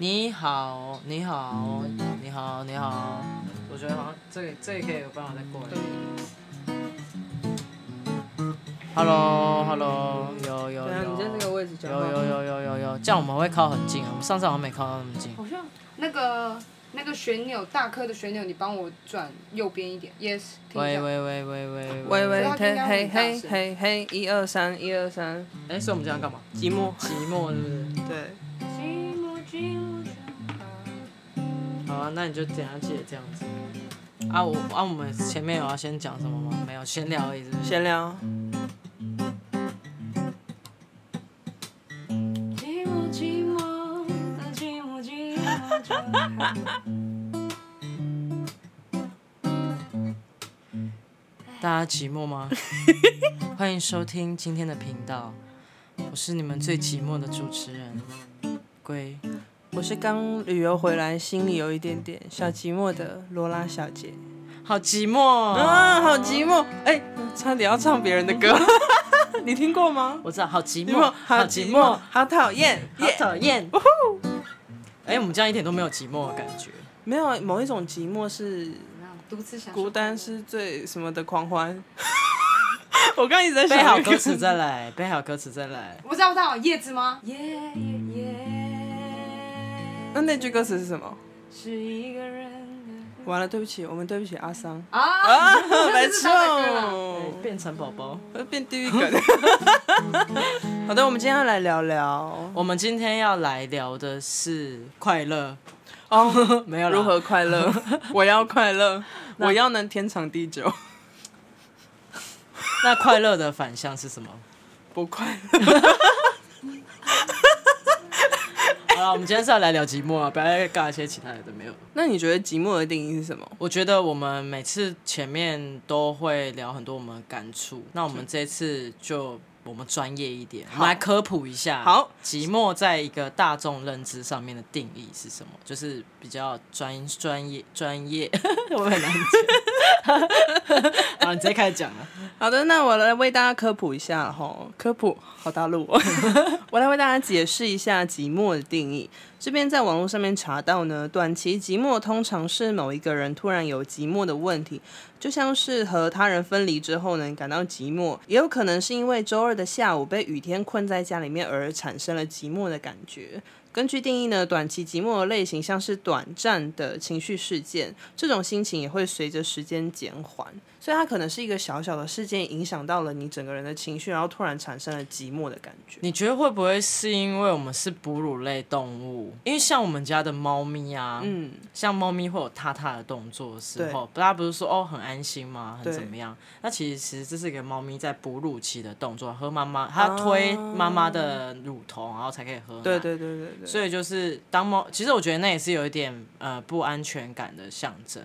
你好，你好，你好，你好。我覺得好像這裡、個，這裡、個、可以有辦法再過來。Hello，Hello，hello, 有，有有。對啊，你在那個位置講。有，有有有有有有，這樣我們會靠很近啊。我們上次好像沒靠那麼近。好像那個那個旋鈕，大顆的旋鈕，你幫我轉右邊一點。Yes，聽喂喂喂喂喂喂喂，嘿、啊、嘿嘿嘿，一二三，一二三。哎、欸，所以我們這樣幹嘛？寂寞，寂寞，是不是？對。寂寞，寂那你就這樣解這樣子啊！我啊，我們前面有要先講什麼嗎？沒有，閒聊而已是不是。閒聊。 寂寞寂寞的寂寞寂寞著。大家寂寞嗎？ 歡迎收聽今天的頻道，我是你們最寂寞的主持人龜。我是剛旅遊回來，心裡有一點點小寂寞的羅拉小姐，好寂寞啊，好寂寞！哎、欸，差點要唱別人的歌， 你聽過嗎？我知道，好寂寞，寂寞好寂寞，好討厭，好討厭！哎、yeah, yeah. uh -huh. 欸，我們這樣一點都沒有寂寞的感覺， 沒有。某一種寂寞是獨自想孤單是最什麼的狂歡？ 我剛一直在背好歌詞再來， 背好歌詞再來。我不知道，我知道，葉子嗎 yeah 那那句歌詞是什麼？是一個人的。完了，對不起，我們對不起阿桑。啊，白、啊、沒錯變成寶寶，變第一個。 好的，我們今天要來聊聊。我們今天要來聊的是快樂。哦，沒有了。如何快樂？ 我要快樂， 我要能天長地久。 那快樂的反向是什麼？不快樂。 我們今天是要來聊寂寞啊，不要再尬一些其他的都沒有。 那你覺得寂寞的定義是什麼？我覺得我們每次前面都會聊很多我們的感觸，那我們這次就。我們專業一點，我們來科普一下。好，寂寞在一個大眾認知上面的定義是什麼？就是比較專專業專業，專業 我很難解。 好，你直接開始講了。好的，那我來為大家科普一下哈，科普好大陸、哦， 我來為大家解釋一下寂寞的定義。這邊在網絡上面查到呢，短期寂寞通常是某一個人突然有寂寞的問題，就像是和他人分離之後呢，感到寂寞，也有可能是因為周二的下午被雨天困在家裡面而產生了寂寞的感覺。根據定義呢，短期寂寞的類型像是短暫的情緒事件，這種心情也會隨着時間減緩。所以它可能是一個小小的事件，影響到了你整個人的情緒，然後突然產生了寂寞的感覺。你覺得會不會是因為我們是哺乳類動物？因為像我們家的貓咪啊，嗯，像貓咪會有踏踏的動作的時候，大家不是說哦很安心嗎？很怎麼樣？那其實，其實這是一個貓咪在哺乳期的動作，喝媽媽它推媽媽的乳頭，然後才可以喝奶。對對，對對對對。所以就是當貓，其實我覺得那也是有一點呃不安全感的象徵。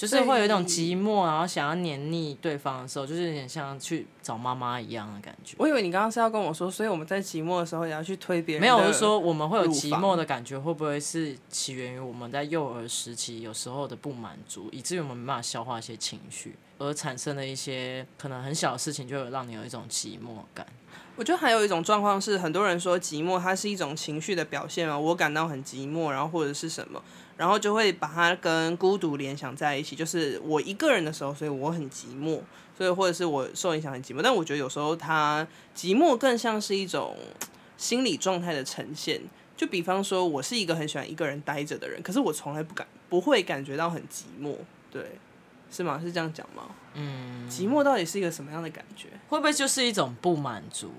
就是會有一種寂寞，然後想要黏膩對方的時候，就是有點像去找媽媽一樣的感覺。我以為你剛剛是要跟我說，所以我們在寂寞的時候也要去推別人。沒有，是說我們會有寂寞的感覺，會不會是起源於我們在幼兒時期有時候的不滿足，以至於我們沒辦法消化一些情緒，而產生了一些可能很小的事情，就會讓你有一種寂寞感。我覺得還有一種狀況是，很多人說寂寞它是一種情緒的表現嘛，我感到很寂寞，然後或者是什麼。然後就會把它跟孤獨聯想在一起，就是我一個人的時候，所以我很寂寞，所以或者是我受影響很寂寞。但我覺得有時候，他寂寞更像是一種心理狀態的呈現。就比方說，我是一個很喜歡一個人待着的人，可是我從來不敢不會感覺到很寂寞，對，是嗎？是這樣講嗎？嗯，寂寞到底是一個什麼樣的感覺？會不會就是一種不滿足？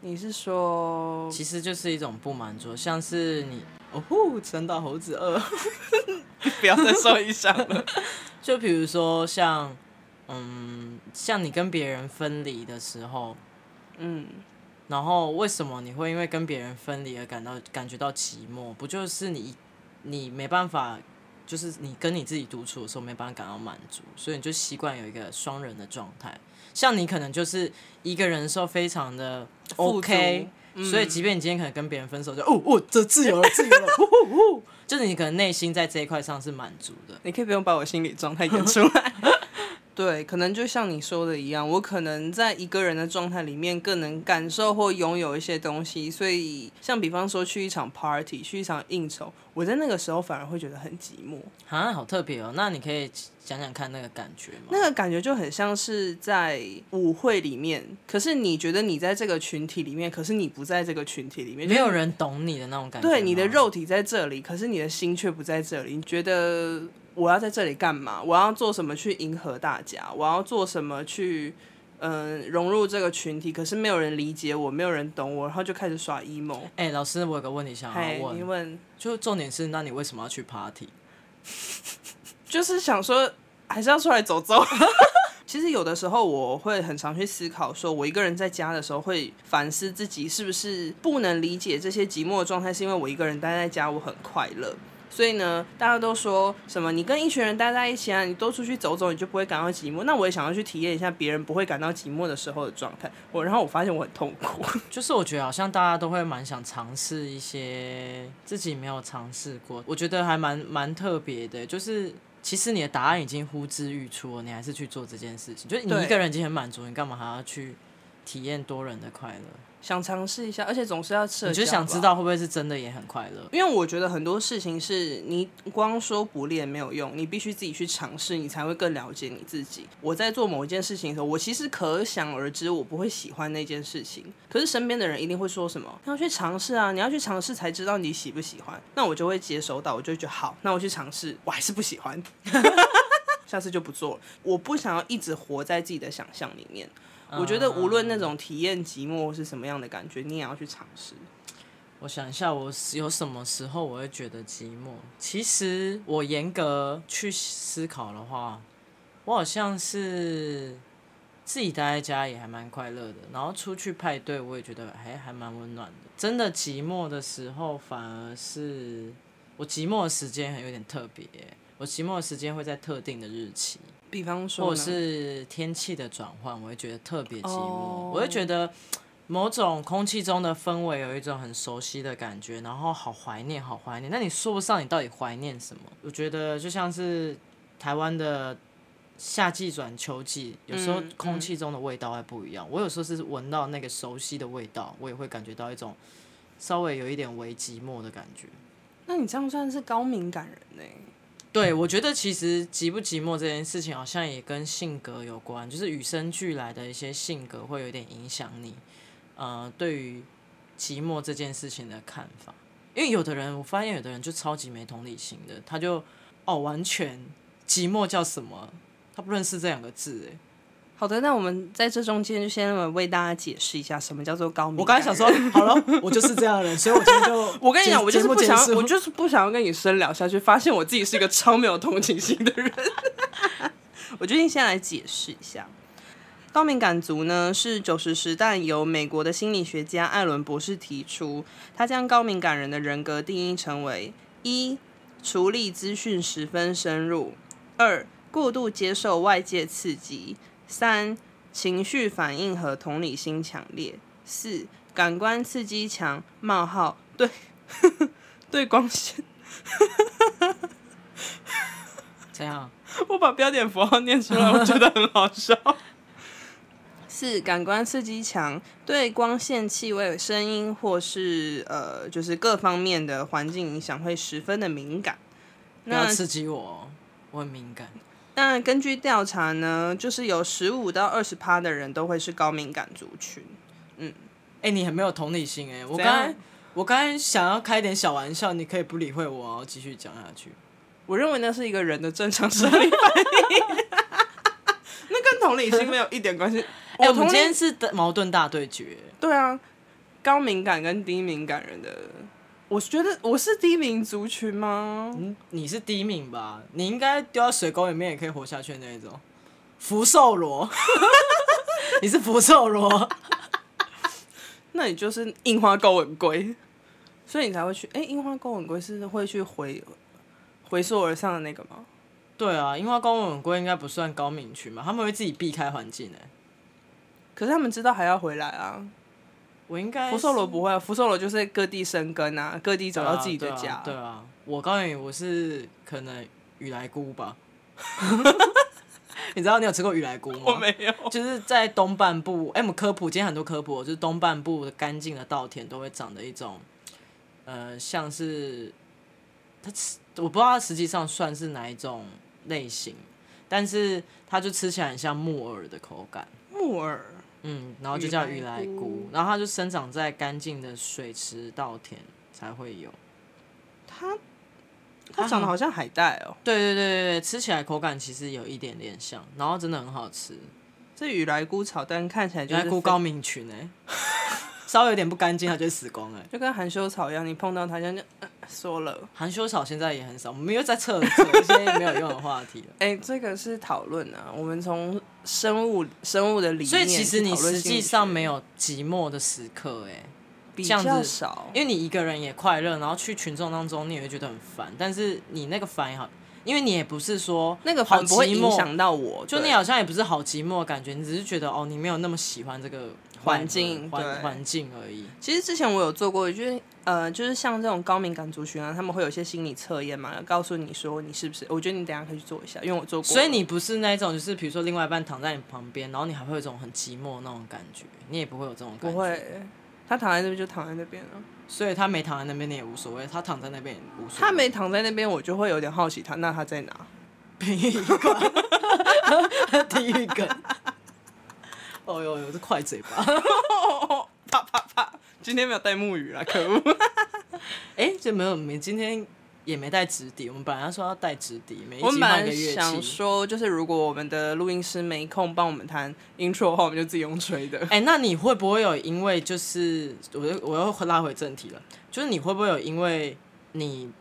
你是說，其實就是一種不滿足，像是你。哦吼，沉到猴子二， 不要再說一下了。 就比如說像，嗯，像你跟別人分離的時候，嗯，然後為什麼你會因為跟別人分離而感到感覺到寂寞？不就是你你沒辦法，就是你跟你自己獨處的時候沒辦法感到滿足，所以你就習慣有一個雙人的狀態。像你可能就是一個人的時候非常的 OK。所以，即便你今天可能跟別人分手就、嗯，就哦哦，這自由了，自由了， 呼呼呼，就是你可能內心在這一塊上是滿足的，你可以不用把我心理狀態演出來 對，可能就像你說的一樣，我可能在一個人的狀態裡面更能感受或擁有一些東西，所以像比方說去一場 party，去一場應酬，我在那個時候反而會覺得很寂寞。啊，好特別哦！那你可以講講看那個感覺嗎？那個感覺就很像是在舞會裡面，可是你覺得你在這個群體裡面，可是你不在這個群體裡面，就是、沒有人懂你的那種感覺。對，你的肉體在這裡，可是你的心卻不在這裡，你覺得。我要在這裡幹嘛？我要做什麼去迎合大家？我要做什麼去嗯、呃、融入這個群體？可是沒有人理解我，沒有人懂我，然後就開始耍 emo。哎、欸，老師，我有個問題想要問。Hey, 你問，就重點是，那你為什麼要去 party？ 就是想說，還是要出來走走。 其實有的時候，我會很常去思考，說我一個人在家的時候，會反思自己是不是不能理解這些寂寞的狀態，是因為我一個人待在家，我很快樂。所以呢，大家都說什麼？你跟一群人待在一起啊，你多出去走走，你就不會感到寂寞。那我也想要去體驗一下別人不會感到寂寞的時候的狀態。我，然後我發現我很痛苦。就是我覺得好像大家都會蠻想嘗試一些自己沒有嘗試過，我覺得還蠻蠻特別的。就是其實你的答案已經呼之欲出了，你還是去做這件事情。就是你一個人已經很滿足，你幹嘛還要去體驗多人的快樂？想嘗試一下，而且總是要吃。我就想知道會不會是真的也很快樂。因為我覺得很多事情是你光說不練沒有用，你必須自己去嘗試，你才會更了解你自己。我在做某一件事情的時候，我其實可想而知我不會喜歡那件事情，可是身邊的人一定會說什麼：“你要去嘗試啊，你要去嘗試才知道你喜不喜歡。”那我就會接受到，我就覺得好，那我去嘗試，我還是不喜歡， 下次就不做了。我不想要一直活在自己的想象裡面。我覺得無論那種體驗寂寞是什麼樣的感覺，你也要去嘗試。Uh, 我想一下，我有什麼時候我會覺得寂寞？其實我嚴格去思考的話，我好像是自己待在家也還蠻快樂的，然後出去派對我也覺得還還蠻溫暖的。真的寂寞的時候，反而是我寂寞的時間還有點特別。我寂寞的時間會在特定的日期。比方說，或者是天氣的轉換，我會覺得特別寂寞。Oh. 我會覺得某種空氣中的氛圍有一種很熟悉的感覺，然後好懷念，好懷念。那你說不上你到底懷念什麼？我覺得就像是台灣的夏季轉秋季，有時候空氣中的味道會不一樣。嗯，嗯。我有時候是聞到那個熟悉的味道，我也會感覺到一種稍微有一點微寂寞的感覺。那你這樣算是高敏感人呢、欸？對，我覺得其實寂不寂寞這件事情，好像也跟性格有關，就是與生俱來的一些性格會有點影響你，呃，對於寂寞這件事情的看法。因為有的人，我發現有的人就超級沒同理心的，他就哦，完全寂寞叫什麼？他不認識這兩個字誒，好的，那我們在這中間就先為大家解釋一下，什麼叫做高敏感人。我剛才想說，好了，我就是這樣的人，所以我今天就 我跟你講，我就是不想，我是不想，我就是不想要跟你深聊下去，發現我自己是一個超沒有同情心的人。 我決定先來解釋一下高敏感族呢，是九十時代由美國的心理學家艾倫博士提出，他將高敏感人的人格定義成為：一、處理資訊十分深入；二、過度接受外界刺激。三、情緒反應和同理心強烈；四、感官刺激強冒號，對呵呵對光線，這 樣我把標點符號念出來，我覺得很好笑。 四、感官刺激強，對光線、氣味、聲音，或是呃，就是各方面的環境影響，會十分的敏感。不要刺激我、哦，我很敏感。但根據調查呢，就是有十五到二十趴的人都會是高敏感族群。嗯，哎、欸，你很沒有同理心哎、欸！我剛我剛才想要開點小玩笑，你可以不理會我哦，然後繼續講下去。我認為那是一個人的正常生理反應， 那跟同理心沒有一點關係。哎、欸，我們今天是矛盾大對決、欸，對啊，高敏感跟低敏感人的。我覺得我是低敏族群嗎？嗯，你是低敏吧？你應該丟到水溝裡面也可以活下去的那一種，福壽螺。 你是福壽螺， 那你就是櫻花鉤吻鮭，所以你才會去。哎、欸，櫻花鉤吻鮭是會去回回溯而上的那個嗎？對啊，櫻花鉤吻鮭應該不算高敏群嘛，他們會自己避開環境哎、欸，可是他們知道還要回來啊。我應該福壽螺不會啊，福壽螺就是各地生根啊，各地找到自己的家。對啊，對啊對啊，我告訴你，我是可能雨來菇吧。 你知道你有吃過雨來菇嗎？我沒有。就是在東半部，哎、欸，我們科普今天很多科普，就是東半部的乾淨的稻田都會長的一種，呃，像是它吃，我不知道它實際上算是哪一種類型，但是它就吃起來很像木耳的口感。木耳。嗯，然後就叫雨來菇、菇，然後它就生長在乾淨的水池、稻田才會有。它它長得好像海帶哦，對對對對，吃起來口感其實有一點點像，然後真的很好吃。這雨來菇炒蛋看起來就是，雨來菇高敏群哎、欸， 稍微有點不乾淨它就死光哎、欸，就跟含羞草一樣，你碰到它就就說了。含、呃、羞草現在也很少，我們又在現在也沒有用的話題了。哎、欸，這個是討論啊，我們從。生物生物的理念，所以其實你實際上沒有寂寞的時刻，欸，哎，這樣子少，因為你一個人也快樂，然後去群眾當中你也會覺得很煩，但是你那個煩也好，因為你也不是說好寂寞，那個不會影響到我，就你好像也不是好寂寞的感覺，你只是覺得哦，你沒有那麼喜歡這個環境環環境而已。其實之前我有做過一句，就是。呃，就是像這種高敏感族群啊，他們會有一些心理測驗嘛，告訴你說你是不是？我覺得你等一下可以去做一下，因為我做過。所以你不是那種，就是比如說另外一半躺在你旁邊，然後你還會有這種很寂寞那種感覺，你也不會有這種感覺。不會，他躺在那邊就躺在那邊了，所以他沒躺在那邊你也無所謂，他躺在那邊也無所謂。他沒躺在那邊，我就會有點好奇他，那他在哪？第一個，第一個。哦呦呦，這快嘴巴，啪啪啪。今天沒有帶木魚啊，可惡！哎、 欸，這沒有，沒今天也沒帶紙笛，我們本來說要帶紙笛，沒。我本來想說，就是如果我們的錄音師沒空幫我們彈 intro 的話，我們就自己用吹的。哎、欸，那你會不會有因為就是我我又會拉回正題了，就是你會不會有因為你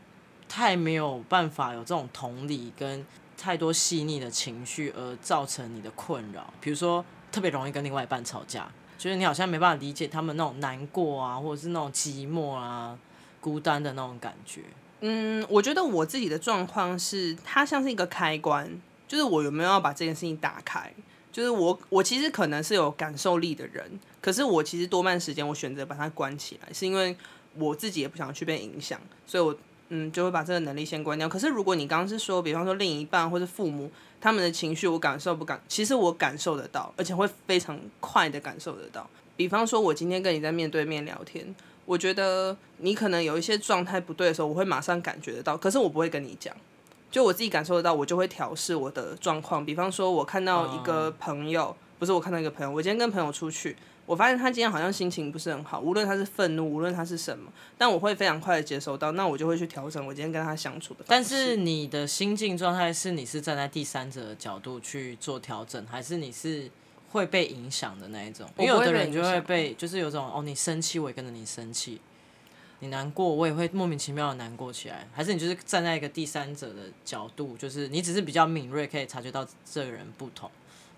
太沒有辦法有這種同理跟太多細膩的情緒而造成你的困擾？比如說特別容易跟另外一半吵架。覺得你好像沒辦法理解他們那種難過啊，或者是那種寂寞啊、孤單的那種感覺。嗯，我覺得我自己的狀況是，它像是一個開關，就是我有沒有要把這件事情打開。就是我，我其實可能是有感受力的人，可是我其實多半時間我選擇把它關起來，是因為我自己也不想去被影響，所以我。嗯，就會把這個能力先關掉。可是如果你剛剛是說，比方說另一半或是父母，他們的情緒我感受不感，其實我感受得到，而且會非常快的感受得到。比方說我今天跟你在面對面聊天，我覺得你可能有一些狀態不對的時候，我會馬上感覺得到。可是我不會跟你講，就我自己感受得到，我就會調試我的狀況。比方說我看到一個朋友，不是我看到一個朋友，我今天跟朋友出去。我發現他今天好像心情不是很好，無論他是憤怒，無論他是什麼，但我會非常快的接收到，那我就會去調整我今天跟他相處的方式。但是你的心境狀態是，你是站在第三者的角度去做調整，還是你是會被影響的那一種？因為有的人就會被，就是有種哦，你生氣，我也跟着你生氣；你難過，我也會莫名其妙的難過起來。還是你就是站在一個第三者的角度，就是你只是比較敏銳，可以察覺到這個人不同。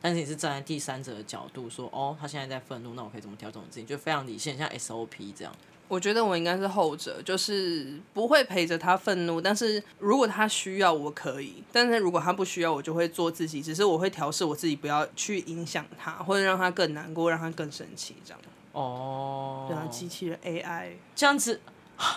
但是你是站在第三者的角度說，哦，他現在在憤怒，那我可以怎麼調整自己？就非常理性，像 SOP 這樣。我覺得我應該是後者，就是不會陪着他憤怒。但是如果他需要，我可以；但是如果他不需要，我就會做自己。只是我會調適我自己，不要去影響他，或者讓他更難過，讓他更生氣這樣。哦、oh.，對啊，機器人 AI 這樣子， 好，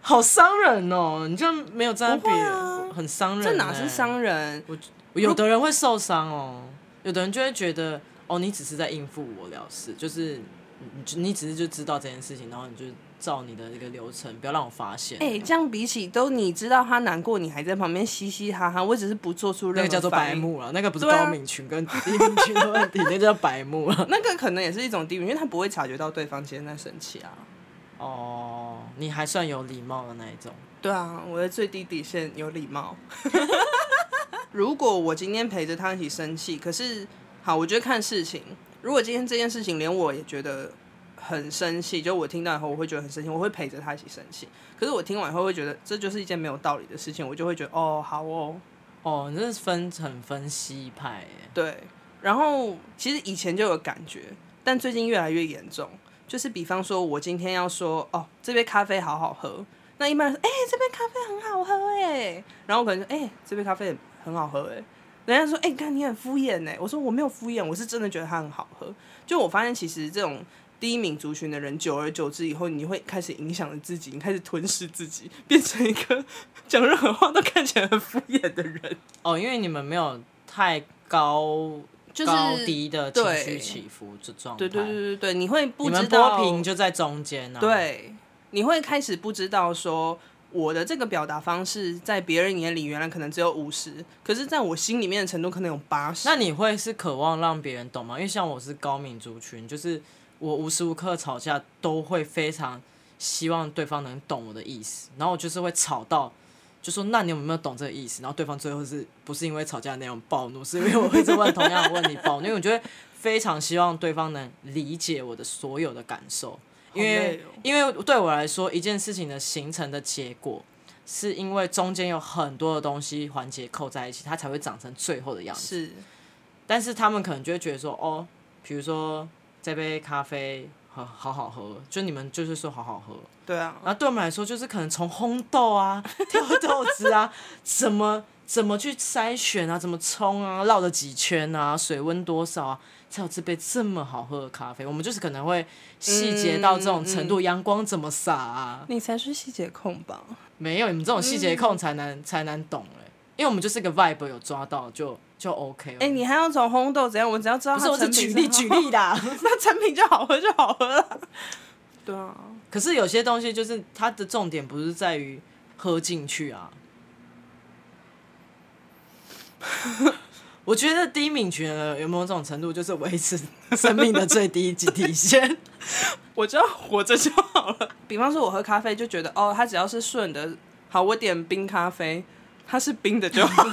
好傷人哦、喔！你就沒有站在別人、啊，很傷人、欸。這哪是傷人？我。有的人會受傷哦，有的人就會覺得哦，你只是在應付我了事，就是你，你只是就知道這件事情，然後你就照你的一個流程，不要讓我發現。哎、欸，這樣比起都你知道他難過，你還在旁邊嘻嘻哈哈，我只是不做出任何那個叫做白目了，那個不是高敏群跟低敏群的問題、啊、那個、叫白目了。 那個可能也是一種低敏，因為他不會察覺到對方現在生氣啊。哦，你還算有禮貌的那一種。對啊，我的最低底線有禮貌。 如果我今天陪着他一起生氣，可是好，我覺得看事情，如果今天這件事情連我也覺得很生氣，就我聽到以後我會覺得很生氣，我會陪着他一起生氣。可是我聽完以後會覺得這就是一件沒有道理的事情，我就會覺得哦，好哦，哦，你這是分層分析派耶，對。然後其實以前就有感覺，但最近越來越嚴重。就是比方說，我今天要說哦，這杯咖啡好好喝，那一般人說，哎，這杯咖啡很好喝，哎，然後我可能說，哎，這杯咖啡。很好喝，哎、欸，人家說哎、欸，你看你很敷衍，哎、欸，我說我沒有敷衍，我是真的覺得它很好喝。就我發現，其實這種低敏族群的人，久而久之以後，你會開始影響了自己，你開始吞噬自己，變成一個講任何話都看起來很敷衍的人哦。因為你們沒有太高、就是、高低的情緒起伏這狀態。對對對對對，你會不知道，波平就在中間啊。對，你會開始不知道說。我的這個表達方式在別人眼裡原來可能只有五十，可是在我心裡面的程度可能有八十。那你會是渴望讓別人懂嗎？因為像我是高敏族群，就是我無時無刻吵架都會非常希望對方能懂我的意思，然後我就是會吵到就是說：“那你有沒有懂這個意思？”然後對方最後是不是因為吵架的那種暴怒，是因為我一直問同樣的問題暴怒， 因為我覺得非常希望對方能理解我的所有的感受。因為、哦，因為對我來說，一件事情的形成的結果，是因為中間有很多的東西環節扣在一起，它才會長成最後的樣子。是，但是他們可能就會覺得說，哦，比如說這杯咖啡好，好好喝，就你們就是說好好喝，對啊。那對我們來說，就是可能從烘豆啊、挑豆子啊，什 麼。怎麼去篩選啊？怎麼衝啊？繞了幾圈啊？水溫多少啊？才有這杯這麼好喝的咖啡？我們就是可能會細節到這種程度，陽、嗯、光怎麼灑啊？你才是細節控吧？沒有，你們這種細節控才能、嗯、才能懂哎、欸，因為我們就是一個 vibe，有抓到就就 OK。哎、欸，你還要找紅豆怎樣？我們只要知道它是，不是。我是舉例舉例的，那 成品就好喝就好喝了。對啊，可是有些東西就是它的重點不是在於喝進去啊。 我覺得低敏群的有沒有這種程度，就是維持生命的最低級底線。 我就要活着就好了。 比方說，我喝咖啡就覺得，哦，它只要是順的，好，我點冰咖啡，它是冰的就好了。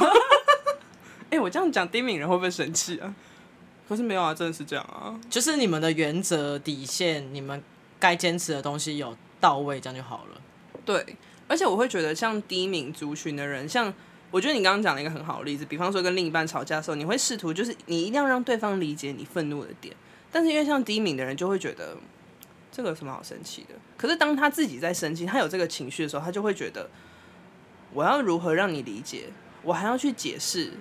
哎、 欸，我這樣講低敏人會不會生氣啊？可是沒有啊，真的是這樣啊。就是你們的原則底線，你們該堅持的東西有到位，這樣就好了。對，而且我會覺得像低敏族群的人，像。我覺得你剛剛講了一個很好的例子，比方說跟另一半吵架的時候，你會試圖就是你一定要讓對方理解你憤怒的點，但是因為像低敏的人就會覺得這個有什麼好生氣的？可是當他自己在生氣，他有這個情緒的時候，他就會覺得我要如何讓你理解？我還要去解釋，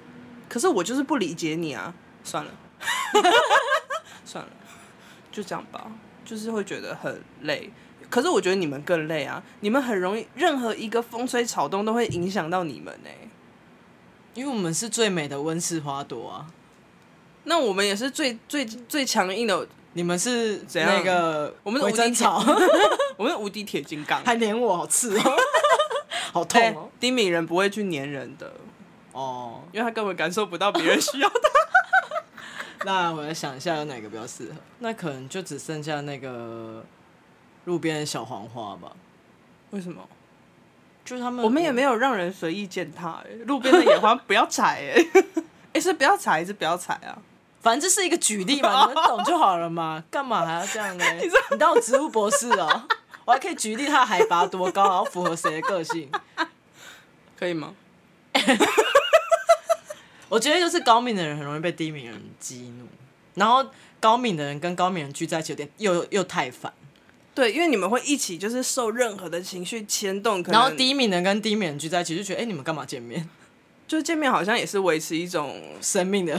可是我就是不理解你啊！算了， 算了，就這樣吧，就是會覺得很累。可是我覺得你們更累啊，你們很容易任何一個風吹草動都會影響到你們呢、欸。因為我們是最美的溫室花朵啊，那我們也是最最最強硬的。你們是、那個、怎樣一個？我們是無敵草， 我們是無敵鐵金剛，還黏我，好刺、喔， 好痛哦、欸！低敏人不會去黏人的哦，oh, 因為他根本感受不到別人需要他。 那我要想一下，有哪個比較適合？那可能就只剩下那個路邊的小黃花吧？為什麼？就他們，我們也沒有讓人隨意踐踏哎，路邊的野花不要踩哎、 欸，是不要踩還是不要踩啊？反正這是一個舉例嘛，你們懂就好了嘛。幹 嘛還要這樣呢？你當我植物博士啊、喔， 我還可以舉例它海拔多高，然後符合誰的個性，可以嗎？ 我覺得就是高敏的人很容易被低敏人激怒，然後高敏的人跟高敏人聚在一起又又太煩。對，因為你們會一起，就是受任何的情緒牽動可能。然後低敏人跟低敏人聚在一起，就覺得哎、欸，你們幹嘛見面？就見面好像也是維持一種生命的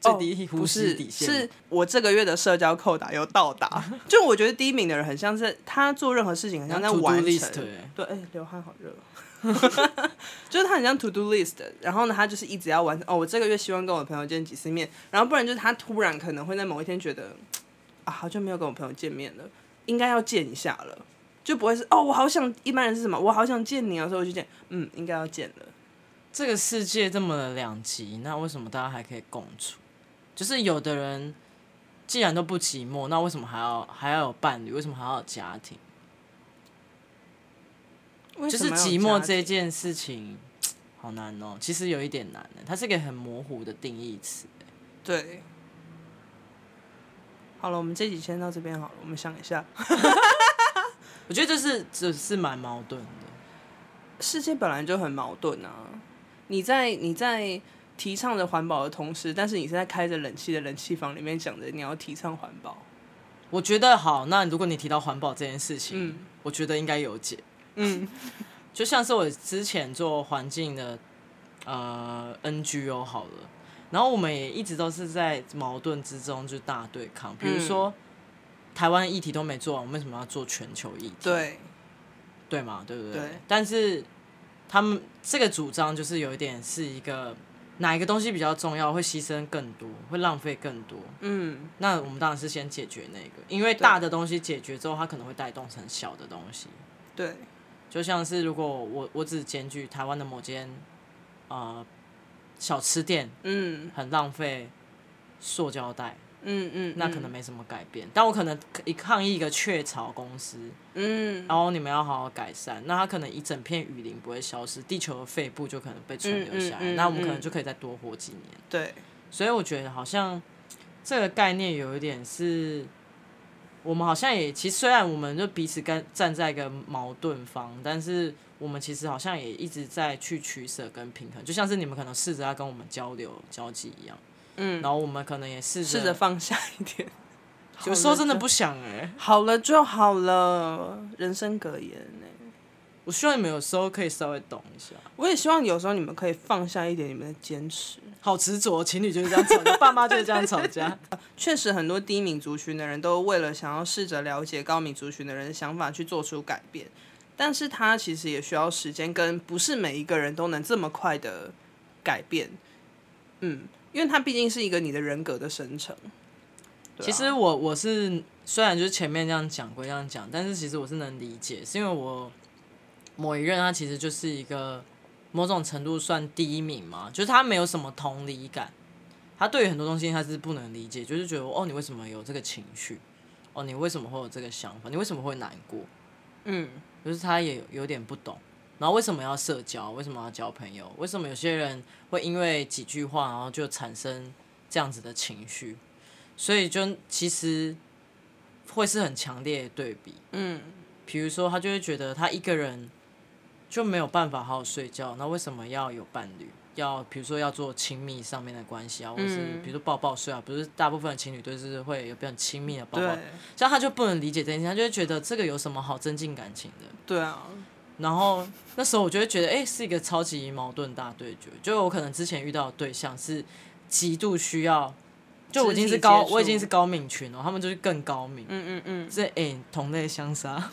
最低、oh, 不是底線。是我這個月的社交扣打、啊、有到達。 就我覺得低敏人很像是他做任何事情，很像在完成。List 對、欸，流汗好熱。 就是他很像 to do list，然後呢，他就是一直要完成。哦，我這個月希望跟我朋友見幾次面，然後不然就是他突然可能會在某一天覺得啊，好久沒有跟我朋友見面了。應該要見一下了，就不會是哦。我好想一般人是什麼？我好想見你啊，所以我就見。嗯，應該要見了。這個世界這麼兩極，那為什麼大家還可以共處？就是有的人既然都不寂寞，那為什麼還要還要有伴侶？為什麼還要有家庭？家庭就是寂寞這件事情好難哦。其實有一點難的，它是一個很模糊的定義詞。對。好了，我們這集先到這邊好了。我們想一下， 我覺得這、就是只、就是蠻矛盾的。世界本來就很矛盾啊！你在你在提倡着環保的同時，但是你是在開着冷氣的冷氣房裡面講的，你要提倡環保。我覺得好，那如果你提到環保這件事情，嗯、我覺得應該有解。嗯， 就像是我之前做環境的、呃、NGO 好了。然後我們也一直都是在矛盾之中，就大對抗。比如說，台灣議題都沒做完，我們為什麼要做全球議題？對，對嘛，對不對？對。但是他們這個主張就是有一點是一個哪一個東西比較重要，會犧牲更多，會浪費更多。嗯。那我們當然是先解決那個，因為大的東西解決之後，它可能會帶動成很小的東西。對。就像是如果我我只檢舉台灣的某間，呃。小吃店，嗯，很浪費，塑膠袋，嗯，那可能沒什麼改變。嗯嗯、但我可能一抗議一個雀巢公司，嗯，然後你們要好好改善，那他可能一整片雨林不會消失，地球的肺部就可能被存留下來，嗯嗯嗯，那我們可能就可以再多活幾年。對，所以我覺得好像這個概念有一點是，我們好像也其實雖然我們就彼此跟站在一個矛盾方，但是，我們其實好像也一直在去取舍跟平衡，就像是你們可能試着要跟我們交流交際一樣，嗯，然後我們可能也試着,試着放下一點，有時候真的不想哎、欸，好了就好了，人生格言、欸、我希望你們有時候可以稍微懂一下，我也希望有時候你們可以放下一點你們的堅持，好執着，情侶就是這樣吵架， 爸媽就是這樣吵架， 確實很多低敏族群的人都為了想要試着了解高敏族群的人的想法去做出改變。但是他其實也需要時間，跟不是每一個人都能這麼快的改變。嗯，因為他畢竟是一個你的人格的生成。啊、其實我我是雖然就是前面這樣講過這樣講，但是其實我是能理解，是因為我某一任他其實就是一個某種程度算低敏嘛，就是他沒有什麼同理感，他對於很多東西他是不能理解，就是覺得哦你為什麼有這個情緒？哦你為什麼會有這個想法？你為什麼會難過？嗯。可、就是他也有點不懂，然後為什麼要社交？為什麼要交朋友？為什麼有些人會因為幾句話，然後就產生這樣子的情緒？所以就其實會是很強烈的對比。嗯，比如說他就會覺得他一個人就沒有辦法好好睡覺，那為什麼要有伴侶？要比如說要做親密上面的關係啊，嗯、或是比如說抱抱睡啊，不是大部分的情侶都是會有比較親密的抱抱，像他就不能理解這件事情，他就會覺得這個有什麼好增進感情的？對啊。然後那時候我就會覺得，哎、欸，是一個超級矛盾大對決，就我可能之前遇到的對象是極度需要，就我已經是高，我已經是高敏群了、喔，他們就是更高敏。嗯嗯嗯。這哎、欸，同類相殺，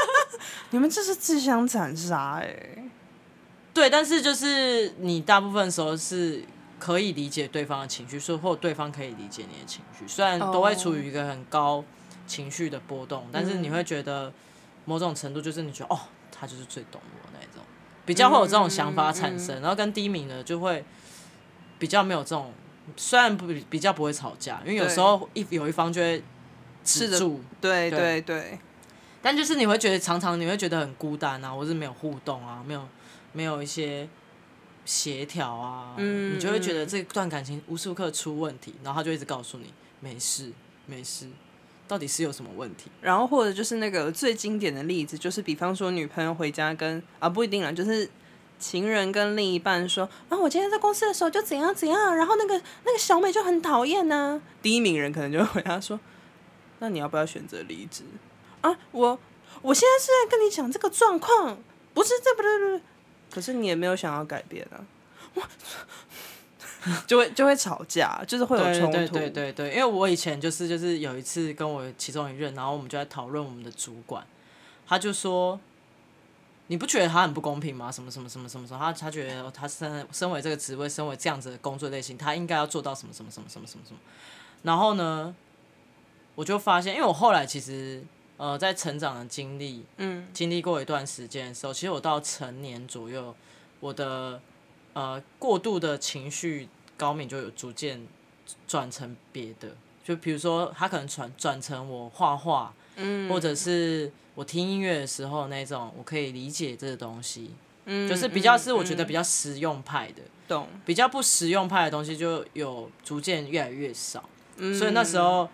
你們這是自相殘殺哎。對，但是就是你大部分時候是可以理解對方的情緒，是或對方可以理解你的情緒，雖然都會處於一個很高情緒的波動，oh. 但是你會覺得某種程度就是你覺得、mm. 哦，他就是最懂我那一種，比較會有這種想法產生。Mm, mm, mm. 然後跟低敏的就會比較沒有這種，雖然不比比較不會吵架，因為有時候有一有一方就會止住，對對對，對，對。但就是你會覺得常常你會覺得很孤單啊，或是沒有互動啊，沒有。沒有一些協調啊、嗯，你就會覺得這段感情無時無刻出問題，然後他就一直告訴你沒事沒事，到底是有什麼問題？然後或者就是那個最經典的例子，就是比方說女朋友回家跟，啊不一定啊，就是情人跟另一半說，啊我今天在公司的時候就怎樣怎樣，然後那個那個小美就很討厭呢、啊。低敏人可能就會回答說，那你要不要選擇離職啊？我我現在是在跟你講這個狀況，不是這不不對，不對可是你也沒有想要改變啊， 就會 就會吵架，就是會有衝突。對，對對對，因為我以前就是就是有一次跟我其中一任，然後我們就在討論我們的主管，他就說，你不覺得他很不公平嗎？什麼什麼什麼什麼什麼？他他覺得他身身為這個職位，身為這樣子的工作類型，他應該要做到什麼什麼什麼什麼什麼什麼。然後呢，我就發現，因為我後來其實。呃，在成長的經歷，嗯，經歷過一段時間的時候，其實我到成年左右，我的呃過度的情緒高敏就有逐漸轉成別的，就比如說他可能轉轉成我畫畫，嗯，或者是我聽音樂的時候那種，我可以理解這個東西，嗯，就是比較是我覺得比較實用派的，懂、嗯嗯，比較不實用派的東西就有逐漸越來越少，嗯，所以那時候。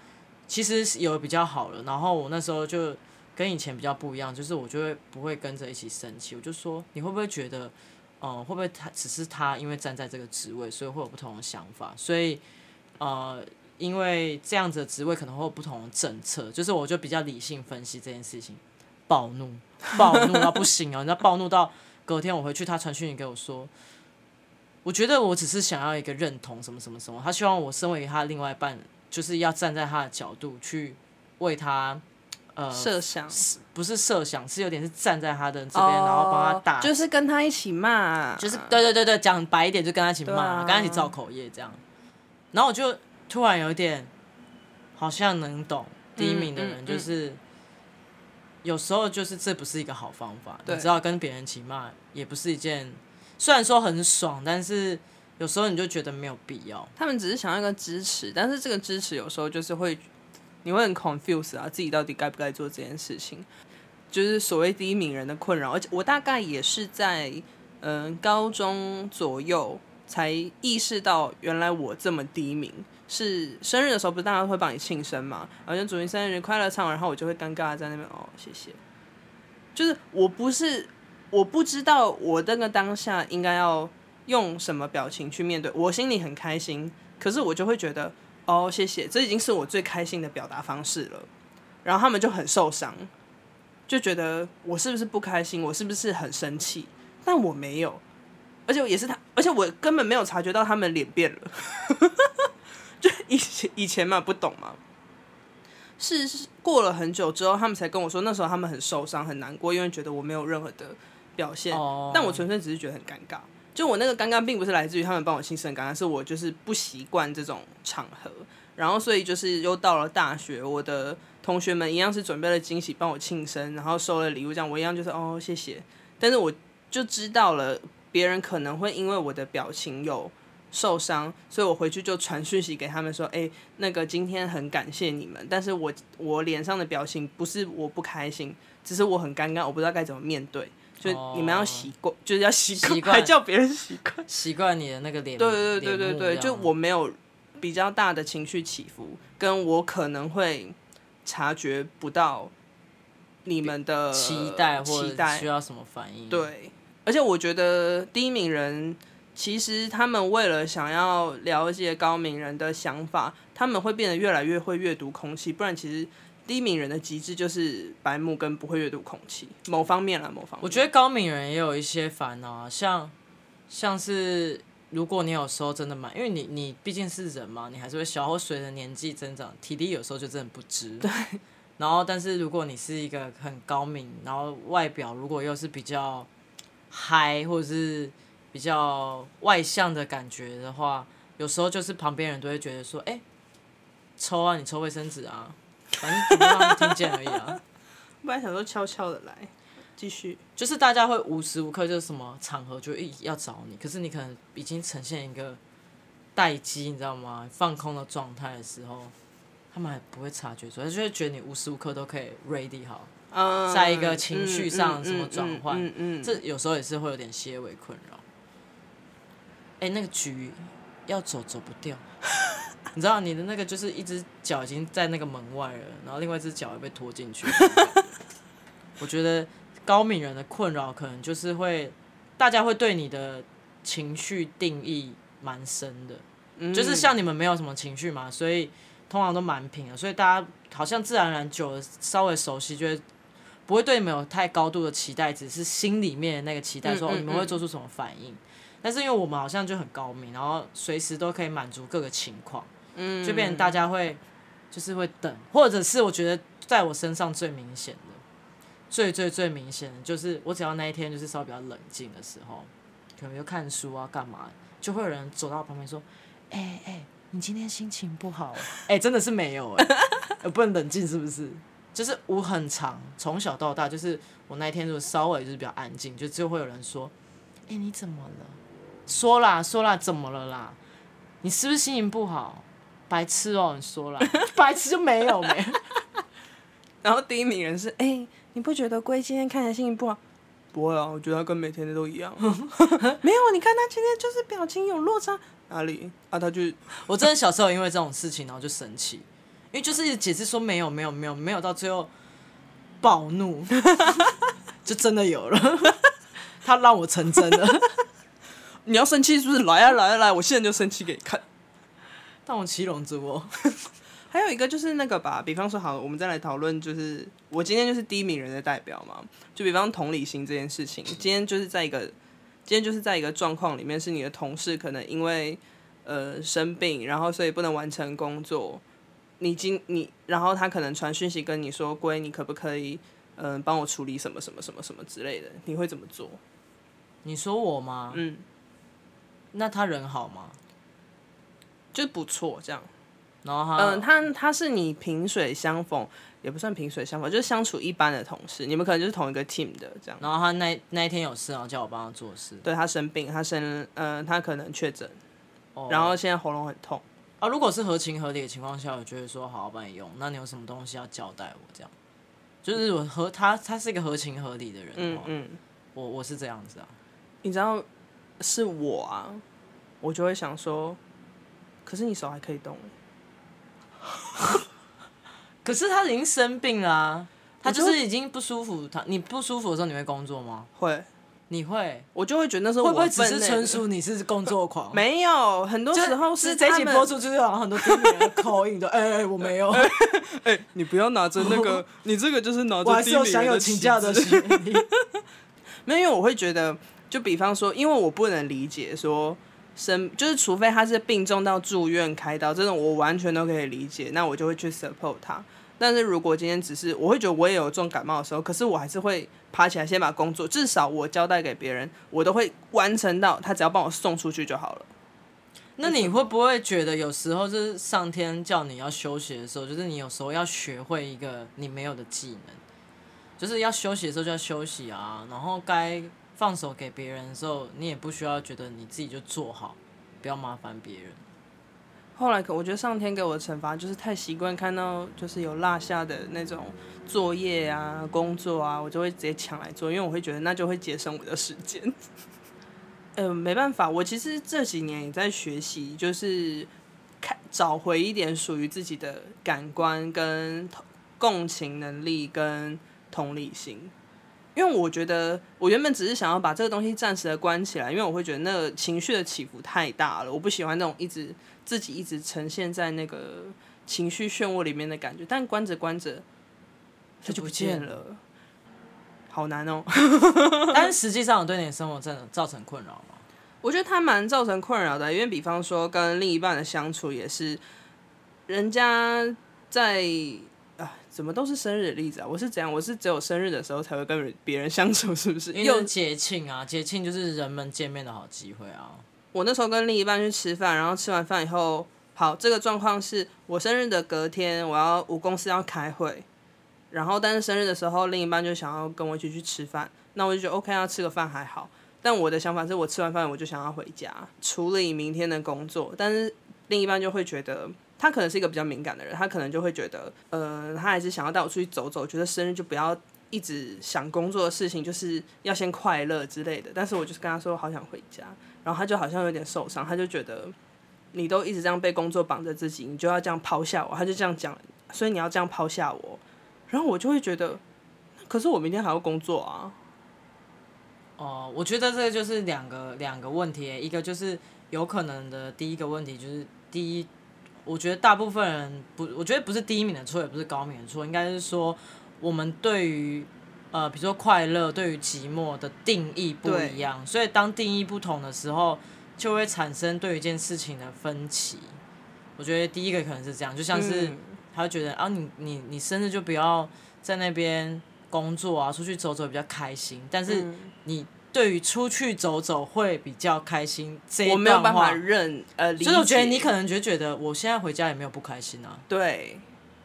其實有比較好了，然後我那時候就跟以前比較不一樣，就是我就會不會跟着一起生氣，我就說你會不會覺得，呃，會不會他只是他因為站在這個職位，所以會有不同的想法，所以呃，因為這樣子的職位可能會有不同的政策，就是我就比較理性分析這件事情，暴怒，暴怒到 不行啊！人家暴怒到隔天我回去，他傳訊息給我說，我覺得我只是想要一個認同，什麼什麼什麼，他希望我身為他另外一半。就是要站在他的角度去為他呃設想，不是設想，是有點是站在他的這邊，oh, 然後幫他打，就是跟他一起罵、啊，就是對對對對，講白一點，就跟他一起罵、啊，跟他一起造口業這樣。然後我就突然有點好像能懂第一名的人，就是、嗯嗯嗯、有時候就是這不是一個好方法，你知道，跟別人一起罵也不是一件，雖然說很爽，但是。有時候你就覺得沒有必要，他們只是想要一個支持，但是這個支持有時候就是會，你會很 confuse 啊，自己到底該不該做這件事情，就是所謂低敏人的困擾。而且我大概也是在嗯、呃、高中左右才意識到，原來我這麼低敏。是生日的時候，不是大家會幫你慶生嘛？然後祝你生日快樂唱，然後我就會尷尬在那邊哦，謝謝。就是我不是我不知道我那個當下應該要。用什麼表情去面對？我心裡很開心，可是我就會覺得，哦，謝謝，這已經是我最開心的表達方式了。然後他們就很受傷，就覺得我是不是不開心，我是不是很生氣？但我沒有，而且也是他，而且我根本沒有察覺到他們臉變了。 就以前以前嘛，不懂嘛。是過了很久之後，他們才跟我說，那時候他們很受傷，很難過，因為覺得我沒有任何的表現。Oh. 但我純粹只是覺得很尷尬。就我那個尷尬，並不是來自於他們幫我慶生，尷尬是我就是不習慣這種場合，然後所以就是又到了大學，我的同學們一樣是準備了驚喜幫我慶生，然後收了禮物，這樣我一樣就是哦謝謝，但是我就知道了別人可能會因為我的表情有受傷，所以我回去就傳訊息給他們說，誒，那個今天很感謝你們，但是我我臉上的表情不是我不開心，只是我很尷尬，我不知道該怎麼面對。就你們要習慣，oh, 就是要習慣，還叫別人習慣，習慣你的那個臉。對對對對對，就我沒有比較大的情緒起伏，跟我可能會察覺不到你們的期待，期待或需要什麼反應。對，而且我覺得低敏人其實他們為了想要了解高敏人的想法，他們會變得越來越會閱讀空氣，不然其實。低敏人的極致就是白目跟不會閱讀空氣，某方面啦，某方面。我覺得高敏人也有一些煩惱啊，像像是如果你有時候真的蠻，因為你你畢竟是人嘛，你還是會小。隨着年紀增長，體力有時候就真的不支。對。然後，但是如果你是一個很高敏，然後外表如果又是比較嗨或者是比較外向的感覺的話，有時候就是旁邊人都會覺得說：“誒、欸，抽啊，你抽衛生紙啊。”反正不會讓人聽見而已啊。本來想說悄悄的來繼續，就是大家會無時無刻就是什麼場合就一要找你，可是你可能已經呈現一個待機，你知道嗎？放空的狀態的時候，他們還不會察覺出來，就會覺得你無時無刻都可以 ready 好，在一個情緒上什麼轉換，嗯，這有時候也是會有點些微困擾。哎，那個局要走走不掉。你知道你的那個就是一隻腳已經在那個門外了，然後另外一隻腳也被拖進去。 我覺得高敏人的困擾可能就是會大家會對你的情緒定義蠻深的，嗯，就是像你們沒有什麼情緒嘛，所以通常都蠻平的，所以大家好像自然而然久了稍微熟悉，就會不會對你們有太高度的期待，只是心裡面的那個期待說嗯嗯嗯、哦、你們會做出什麼反應。但是因為我們好像就很高敏，然後隨時都可以滿足各個情況。嗯，就變成大家會，就是會等，或者是我覺得在我身上最明顯的，最最最明顯的，就是我只要那一天就是稍微比較冷靜的時候，可能就看書啊幹嘛，就會有人走到我旁邊說：“哎、欸、哎、欸，你今天心情不好？”哎、欸，真的是沒有哎、欸， 不能冷靜是不是？就是我很常從小到大，就是我那一天就稍微就是比較安靜，就就會有人說：“哎、欸，你怎麼了？”說啦說啦，怎麼了啦？你是不是心情不好？白痴哦，你說了，白痴就沒有沒。 然後第一名人是哎、欸，你不覺得龜今天看起來心情不好？不會啊，我覺得他跟每天的都一樣。 沒有，你看他今天就是表情有落差，哪裡？啊，他就我真的小時候因為這種事情，然後就生氣，因為就是解釋說沒有沒有沒有沒有，到最後暴怒， 就真的有了。 他讓我成真了。 你要生氣是不是？來啊來啊來！我現在就生氣給你看。但我七龍珠，喔， 還有一個就是那個吧，比方說，好，我們再來討論，就是我今天就是低敏人的代表嘛，就比方同理心這件事情，今天就是在一個，今天就是在一個狀況裡面，是你的同事可能因為呃生病，然後所以不能完成工作，你今你然後他可能傳訊息跟你說，龜，你可不可以嗯幫、呃、我處理什麼什麼什麼什麼之類的，你會怎麼做？你說我嗎？嗯，那他人好嗎？就不錯，這樣，然後他、呃、他，他是你萍水相逢，也不算萍水相逢，就是相處一般的同事，你們可能就是同一個 team 的這樣。然後他那那一天有事然後，叫我幫他做事。對，他生病，他生嗯、呃，他可能確診，oh. 然後現在喉嚨很痛啊。如果是合情合理的情況下，我覺得說好，好好幫你用，那你有什麼東西要交代我？這樣，就是我和他，他是一個合情合理的人的嗯，嗯，我我是這樣子啊，你知道是我啊，我就會想說。可是你手還可以動， 可是他已經生病了，啊，他就是已經不舒服他。他你不舒服的時候，你會工作嗎？會，你會，我就會覺得那時候我會不會只是純屬你是工作狂？ 沒有，很多時候是。是這一期播出就是好像很多低敏人的口音的，哎， 欸，我沒有。哎， 欸，你不要拿着那個，你這個就是拿着。我還是有享有請假的權利。沒有，因為我會覺得，就比方說，因為我不能理解說。生就是，除非他是病重到住院開刀，這種我完全都可以理解，那我就會去 support 他。但是如果今天只是，我會覺得我也有重感冒的時候，可是我還是會爬起來先把工作，至少我交代給別人，我都會完成到，他只要幫我送出去就好了。那你會不會覺得有時候就是上天叫你要休息的時候，就是你有時候要學會一個你沒有的技能，就是要休息的時候就要休息啊，然後該。放手給別人的時候，你也不需要覺得你自己就做好，不要麻煩別人。後來，可我覺得上天給我的懲罰就是太習慣看到就是有落下的那種作業啊、工作啊，我就會直接搶來做，因為我會覺得那就會節省我的時間。嗯、 呃，沒辦法，我其實這幾年也在學習，就是看找回一點屬於自己的感官跟共情能力跟同理心。因為我覺得，我原本只是想要把這個東西暫時的關起來，因為我會覺得那個情緒的起伏太大了，我不喜歡那種一直自己一直呈現在那個情緒漩渦裡面的感覺。但關着關着，它就不見了，好難哦、喔。 但是實際上，我對你的生活真的造成困擾嗎？我覺得它蠻造成困擾的，因為比方說跟另一半的相處也是，人家在。怎麼都是生日的例子啊？我是怎樣？我是只有生日的時候才會跟別人相處，是不是？因為節慶啊，節慶就是人們見面的好機會啊。我那時候跟另一半去吃飯，然後吃完飯以後，好，這個狀況是我生日的隔天，我要我公司要開會，然後但是生日的時候，另一半就想要跟我一起去吃飯，那我就覺得 OK 啊，吃個飯還好。但我的想法是我吃完飯我就想要回家處理明天的工作，但是另一半就會覺得。他可能是一個比較敏感的人，他可能就會覺得，呃，他還是想要帶我出去走走，覺得生日就不要一直想工作的事情，就是要先快樂之類的。但是，我就是跟他說，好想回家，然後他就好像有點受傷，他就覺得你都一直這樣被工作綁着自己，你就要這樣拋下我，他就這樣講，所以你要這樣拋下我。然後我就會覺得，可是我明天還要工作啊。哦、呃，我覺得這個就是兩個兩個問題，一個就是有可能的，第一個問題就是第一。我覺得大部分人不，我覺得不是低敏的錯，也不是高敏的錯，應該是說我們對於呃，比如說快樂，對於寂寞的定義不一樣，所以當定義不同的時候，就會產生對於一件事情的分歧。我覺得第一個可能是這樣，就像是他會覺得、嗯、啊，你你你生日就不要在那邊工作啊，出去走走比較開心，但是你。嗯對於出去走走會比較開心，這我沒有辦法認呃，所以、就是、我覺得你可能就覺得我現在回家也沒有不開心啊。對，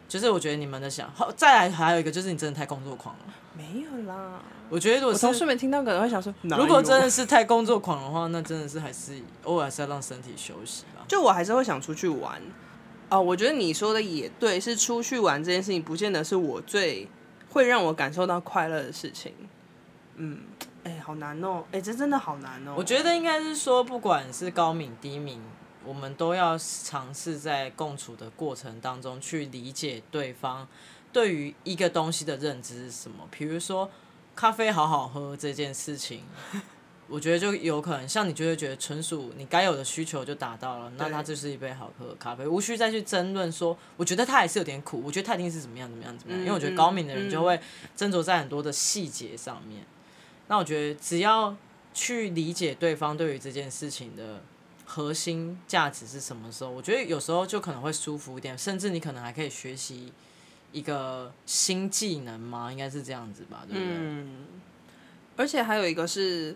就是我覺得你們的想，好，再來還有一個就是你真的太工作狂了。沒有啦，我覺得我同事聽到可能會想說，如果真的是太工作狂的話，那真的是還是偶爾還是要讓身體休息吧。就我還是會想出去玩啊、哦，我覺得你說的也對，是出去玩這件事情，不見得是我最會讓我感受到快樂的事情，嗯。哎、欸，好難哦，喔！哎、欸，這真的好難哦，喔。我覺得應該是說，不管是高敏低敏，我們都要嘗試在共處的過程當中去理解對方對於一個東西的認知是什麼。比如說，咖啡好好喝這件事情， 我覺得就有可能像你就會覺得，純屬你該有的需求就達到了，那它就是一杯好喝的咖啡，無需再去爭論說，我覺得它還是有點苦，我覺得它一定是怎麼樣怎麼樣怎麼樣，因為我覺得高敏的人就會斟酌在很多的細節上面。那我覺得，只要去理解對方對於這件事情的核心價值是什麼時候，我覺得有時候就可能會舒服一點，甚至你可能還可以學習一個新技能嘛，應該是這樣子吧，對不對？嗯。而且還有一個是，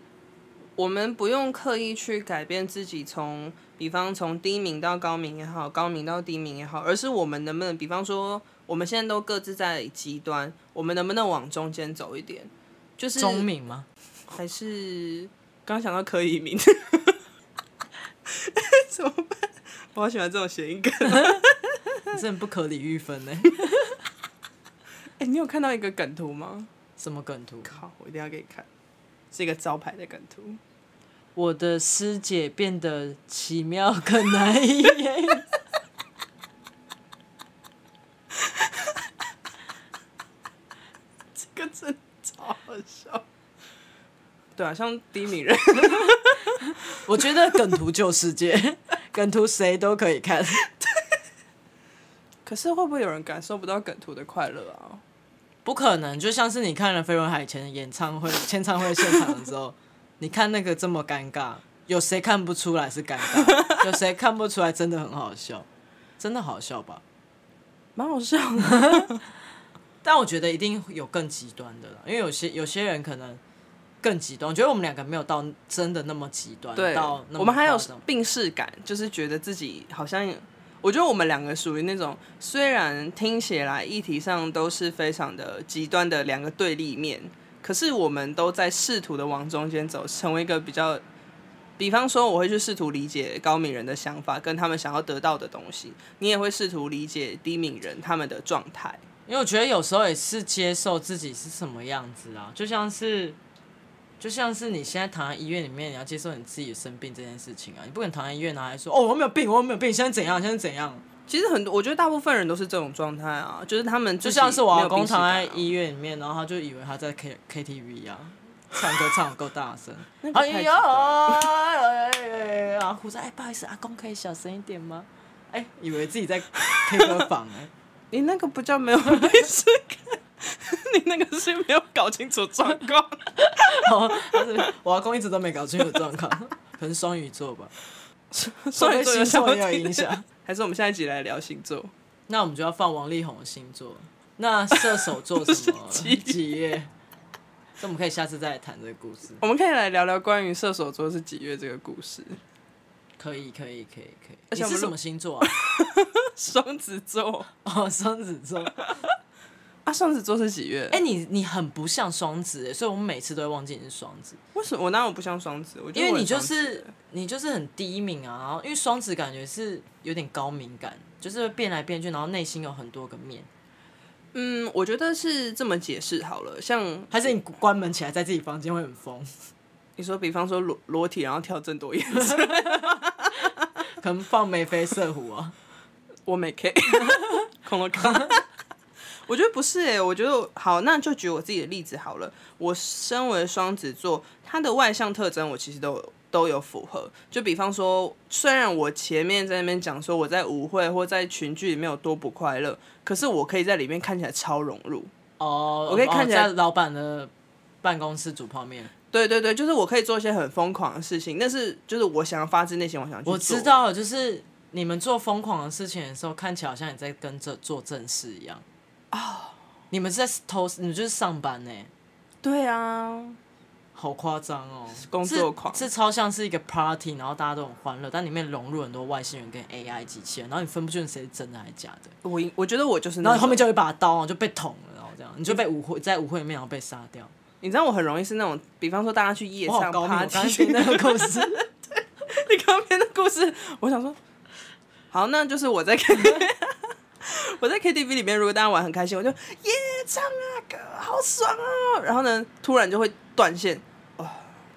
我們不用刻意去改變自己從，從比方從低敏到高敏也好，高敏到低敏也好，而是我們能不能，比方說，我們現在都各自在極端，我們能不能往中間走一點？就是中敏嗎？還是剛想到柯以敏 怎麼辦？我好喜歡這種諧音梗，是 很不可理喻分呢、 欸。你有看到一個梗圖嗎？什麼梗圖？靠！我一定要給你看，是一個招牌的梗圖。我的師姐變得奇妙更難以言。 對啊，像低敏人， 我覺得梗圖救世界，梗圖誰都可以看。可是會不會有人感受不到梗圖的快樂啊？不可能，就像是你看了飛輪海以前的演唱會、簽唱會現場的時候， 你看那個這麼尷尬，有誰看不出來是尷尬？有誰看不出來真的很好笑？真的好笑吧？蠻好笑的。 但我覺得一定有更極端的啦，因為有些有些人可能。更極端，我覺得我們兩個沒有到真的那麼極端。對到，我們還有病識感，就是覺得自己好像，我覺得我們兩個屬於那種雖然聽起來議題上都是非常的極端的兩個對立面，可是我們都在試圖的往中間走，成為一個比較，比方說我會去試圖理解高敏人的想法跟他們想要得到的東西，你也會試圖理解低敏人他們的狀態，因為我覺得有時候也是接受自己是什麼樣子啊，就像是。就像是你現在躺在醫院裡面，你要接受你自己生病這件事情啊！你不可能躺在醫院來、啊、說：“哦、喔，我沒有病，我沒有病，現在怎樣？現在怎樣？”其實很多，我覺得大部分人都是這種狀態啊，就是他們就像是我阿公、啊、躺在醫院裡面，然後他就以為他在 K K T V 啊， 唱歌唱得夠大聲。 哎呦，呀呀呀，哎，呀哎，呀哎，呀哎，呀哎呀，不好意思，阿公可以小聲一點嗎？哎，以為自己在 K 歌房 哎，你那個不叫沒有呀試呀你那個是沒有搞清楚狀況。 但是我阿公一直都沒搞清楚狀況，可能雙魚座吧。雙魚座有沒有影響？還是我們下一集來聊星座？那我們就要放王力宏的星座。那射手座什麼 幾月？那我們可以下次再來談這個故事。我們可以來聊聊關於射手座是幾月這個故事。可以可以可以可以。而且，欸、是什麼星座啊？雙子座哦，雙子座。 啊，雙子座是幾月？哎、欸，你你很不像雙子，所以，我們每次都會忘記你是雙子。為什麼我哪有不像雙子？我覺得我很雙子耶。因為你就是你就是很低敏啊。然後，因為雙子感覺是有點高敏感，就是會變來變去，然後內心有很多個面。嗯，我覺得是這麼解釋好了。像還是你關門起來在自己房間會很瘋？你說，比方說裸裸體然後跳鄭多燕， 可能放眉飛色舞啊？我沒 k 恐龍卡。我覺得不是誒、欸，我覺得好，那就舉我自己的例子好了。我身為雙子座，它的外向特徵我其實都有都有符合。就比方說，雖然我前面在那邊講說我在舞會或在群聚裡面有多不快樂，可是我可以在裡面看起來超融入。哦、oh，我可以看起來 oh, oh, 老闆的辦公室煮泡麵。對對對，就是我可以做一些很瘋狂的事情，但是就是我想要發自內心，我想去做，我知道了，就是你們做瘋狂的事情的時候，看起來好像你在跟着做正事一樣。Oh, 你們是在偷，你們就是上班呢、欸？對啊，好誇張哦，工作狂是，是超像是一個 party，然後大家都很歡樂，但裡面融入很多外星人跟 AI 機器人，然後你分不清誰是真的還是假的。我我覺得我就是、那個，然後你後面就有一把刀，就被捅了，然後這樣你就被舞會，在舞會裡面然後被殺掉。你知道我很容易是那種，比方說大家去夜上高 a r 那個故事， 對，你剛剛編的故事，我想說，好，那就是我在看。我在 KTV 裡面，如果大家玩很開心，我就耶唱啊歌，好爽啊！然後呢，突然就會斷線，哇、哦，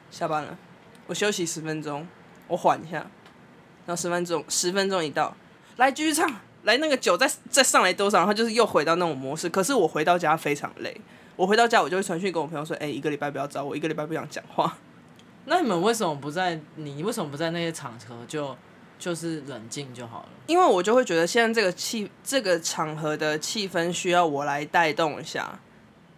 下班了，我休息十分鐘，我緩一下。然後十分鐘，十分鐘一到，來繼續唱，來那個酒再再上來多少，然後就是又回到那種模式。可是我回到家非常累，我回到家我就會傳訊跟我朋友說，哎，一個禮拜不要找我，一個禮拜不想講話。那你們為什麼不在？你為什麼不在那些場合就？就是冷靜就好了，因為我就會覺得現在這個氣、這個場合的氣氛需要我來帶動一下，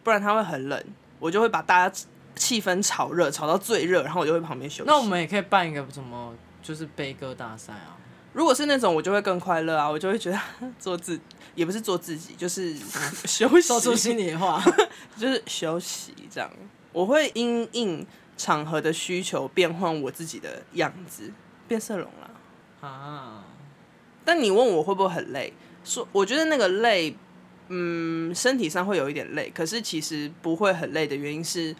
不然它會很冷。我就會把大家氣氛炒熱，炒到最熱，然後我就會旁邊休息。那我們也可以辦一個什麼，就是悲歌大賽啊。如果是那種，我就會更快樂啊，我就會覺得做自也不是做自己，就是休息，說出心裡話， 就是休息這樣。我會因應場合的需求變換我自己的樣子，變色龍了。啊！但你問我會不會很累？說我覺得那個累，嗯，身體上會有一點累。可是其實不會很累的原因是，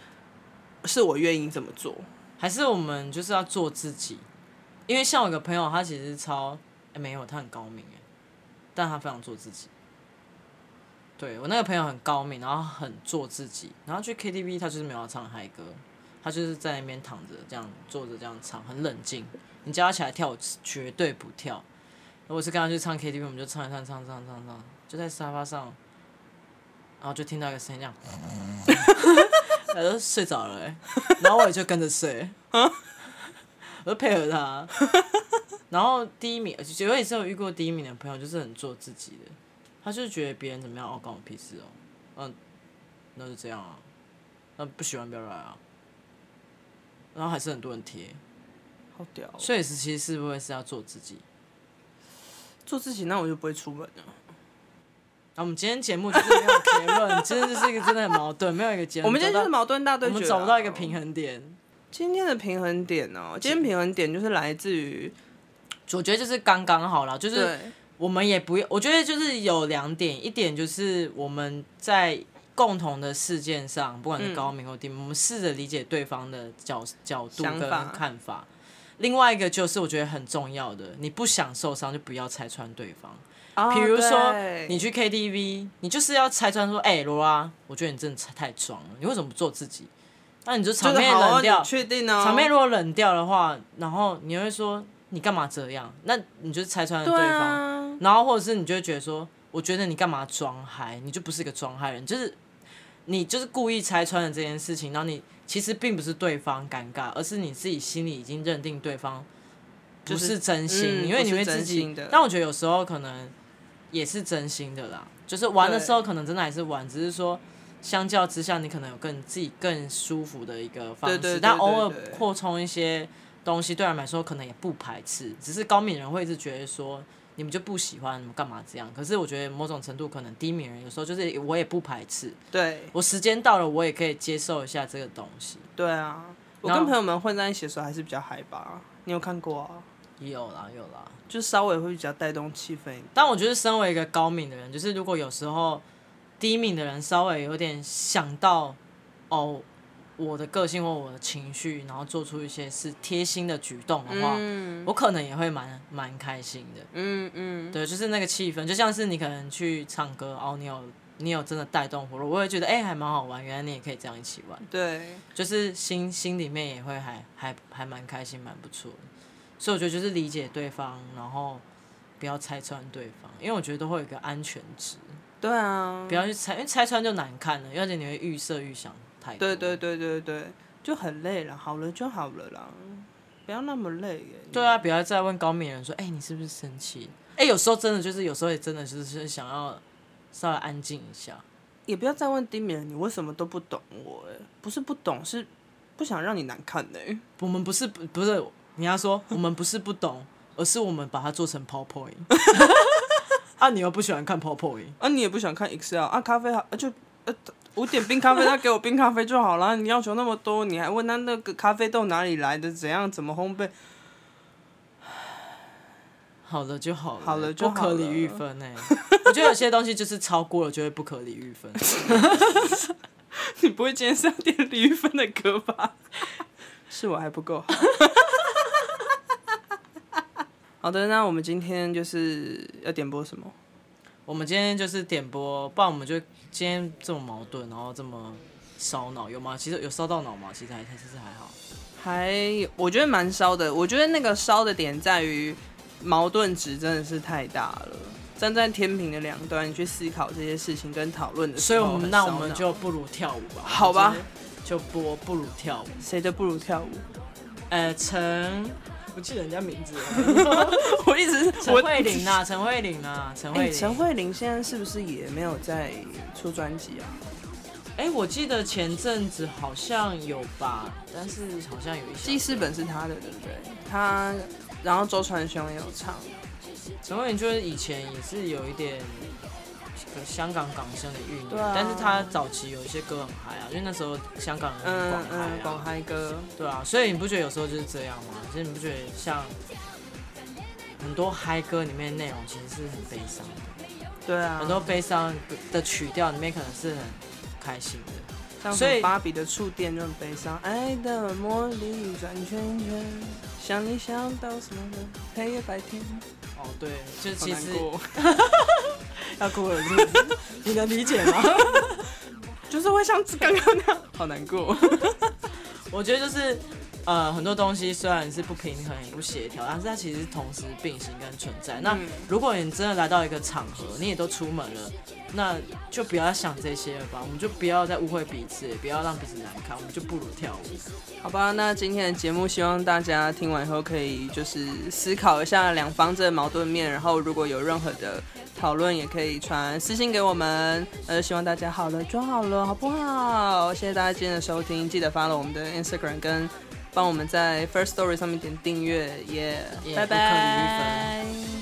是我願意怎麼做，還是我們就是要做自己？因為像我一個朋友，他其實超誒，沒有，他很高明哎，但他非常做自己。對，我那個朋友很高敏，然後很做自己，然後去 KTV，他就是沒有唱嗨歌，他就是在那邊躺着，這樣坐着，這樣唱，很冷靜。你叫他起來跳，我絕對不跳。如果是跟他去唱 KTV，我們就唱一唱，唱唱唱唱，就在沙發上，然後就聽到一個聲音這樣，講、嗯，哈 他、 哎、就睡着了、欸，然後我也就跟着睡， 我就配合他。然後第一名，而且我也是有遇過第一名的朋友，就是很做自己的，他就是覺得別人怎麼樣，哦，關我屁事哦，嗯，那就這樣啊，嗯，不喜歡不要來啊，然後還是很多人貼。所以，其實是不是是要做自己？做自己，那我就不會出門了。啊，我們今天節目就是沒有結論，真 的是一個真的很矛盾，沒有一個結論。我們今天就是矛盾大對決、啊，我們找不到一個平衡點。今天的平衡點呢、喔？今天的平衡點就是來自於，我覺得就是剛剛好了，就是我們也不用。我覺得就是有兩點，一點就是我們在共同的事件上，不管是高敏或低敏、嗯，我們試着理解對方的角角度跟看法。另外一個就是我覺得很重要的，你不想受傷就不要拆穿對方。比、oh, 如說你去 KTV，你就是要拆穿說：“哎、欸，羅拉，我覺得你真的太裝了，你為什麼不做自己？”那、啊、你就場面冷掉。確、啊哦、場面如果冷掉的話，然後你會說：“你幹嘛這樣？”那你就是拆穿了對方對、啊。然後或者是你就會覺得說：“我覺得你幹嘛裝嗨？你就不是一個裝嗨人，就是你就是故意拆穿了這件事情。”然後你。其實並不是對方尷尬，而是你自己心裡已經認定對方不是真心，就是嗯、因為你會自己心。但我覺得有時候可能也是真心的啦，就是玩的時候可能真的還是玩，只是說相較之下，你可能有更自己更舒服的一個方式。對對對對對，但偶爾擴充一些東西，對他來說可能也不排斥，只是高敏人會一直覺得說。你們就不喜歡，幹嘛這樣？可是我覺得某種程度可能低敏人有時候就是我也不排斥，對我時間到了我也可以接受一下這個東西。對啊，我跟朋友們混在一起的時候還是比較嗨吧？你有看過啊？有啦有啦，就稍微會比較帶動氣氛。但我覺得身為一個高敏的人，就是如果有時候低敏的人稍微有點想到哦。我的個性或我的情緒，然後做出一些是貼心的舉動的話，嗯、我可能也會蠻蠻開心的。嗯嗯，對，就是那個氣氛，就像是你可能去唱歌，哦，你有你有真的帶動活路，我會覺得哎、欸，還蠻好玩，原來你也可以這樣一起玩。對，就是心心裡面也會還還還蠻開心，蠻不錯。所以我覺得就是理解對方，然後不要拆穿對方，因為我覺得都會有一個安全值。對啊，不要去拆，因為拆穿就難看了，而且你會預設預想。對對對對對，就很累了，好了就好了啦，不要那麼累耶。對啊，不要再問高敏人說，哎、欸，你是不是生氣？哎、欸，有時候真的就是有時候也真的就是想要稍微安靜一下，也不要再問低敏人，你為什麼都不懂我，欸？哎，不是不懂，是不想讓你難看哎、欸。我們不是不不是你要說我們不是不懂， 而是我們把它做成泡泡音啊，你又不喜歡看泡泡音啊，你也不喜歡看 Excel，啊，咖啡啊，就啊我點冰咖啡，他給我冰咖啡就好啦。你要求那麼多，你還問他那個咖啡豆哪裡來的，怎樣怎麼烘焙？好了就好了，好了就好了，不可理喻分呢、欸？ 我覺得有些東西就是超過了就會不可理喻分。 你不會今天是要點李玉芬的歌吧？ 是我還不夠好。 好的，那我們今天就是要點播什麼？我們今天就是點播，不然我們就今天這麼矛盾，然後這麼燒腦，有嗎？其實有燒到腦嗎？其實還其實還好，還我覺得蠻燒的。我覺得那個燒的點在於矛盾值，真的是太大了，站在天平的兩端，你去思考這些事情跟討論的時候，所以我們那我們就不如跳舞吧？好吧，就播不如跳舞，誰都不如跳舞。呃，陳。不記得人家名字了， 我一直陳慧琳吶，陳慧琳啊，陳慧琳、啊，陳慧琳、啊，欸、現在是不是也沒有在出專輯啊？哎、欸，我記得前陣子好像有吧，但是好像有一些。記事本是他的，對不對？他，然後周傳雄也有唱。陳慧琳就是以前也是有一點。香港港生的運動、啊、但是他早期有一些歌很嗨啊，因為那時候香港人很嗨啊，廣、嗯、嗨、嗯、歌，對啊，所以你不覺得有時候就是這樣嗎？其、就、實、是、你不覺得像很多嗨歌裡面內容其實是很悲傷的，對啊，很多悲傷的曲調裡面可能是很開心的，像芭比的觸電就很悲傷，愛的魔力轉圈圈，想你想到什麼的黑夜白天，哦對，就其實。 要哭了是不是， 你能理解嗎？ 就是會像剛剛那樣， 好難過。 我覺得就是。呃、嗯，很多東西雖然是不平衡，也不協調，但是它其實同時並行跟存在。那、嗯、如果你真的來到一個場合，你也都出門了，那就不要想這些了吧。我們就不要再誤會彼此，也不要讓彼此難堪，我們就不如跳舞，好吧？那今天的節目希望大家聽完以後可以就是思考一下兩方的矛盾面，然後如果有任何的討論，也可以傳私信給我們。呃，希望大家好了就好了，好不好？謝謝大家今天的收聽，記得 follow 我們的 Instagram 跟。幫我們在 First Story 上面點訂閱，耶！拜拜。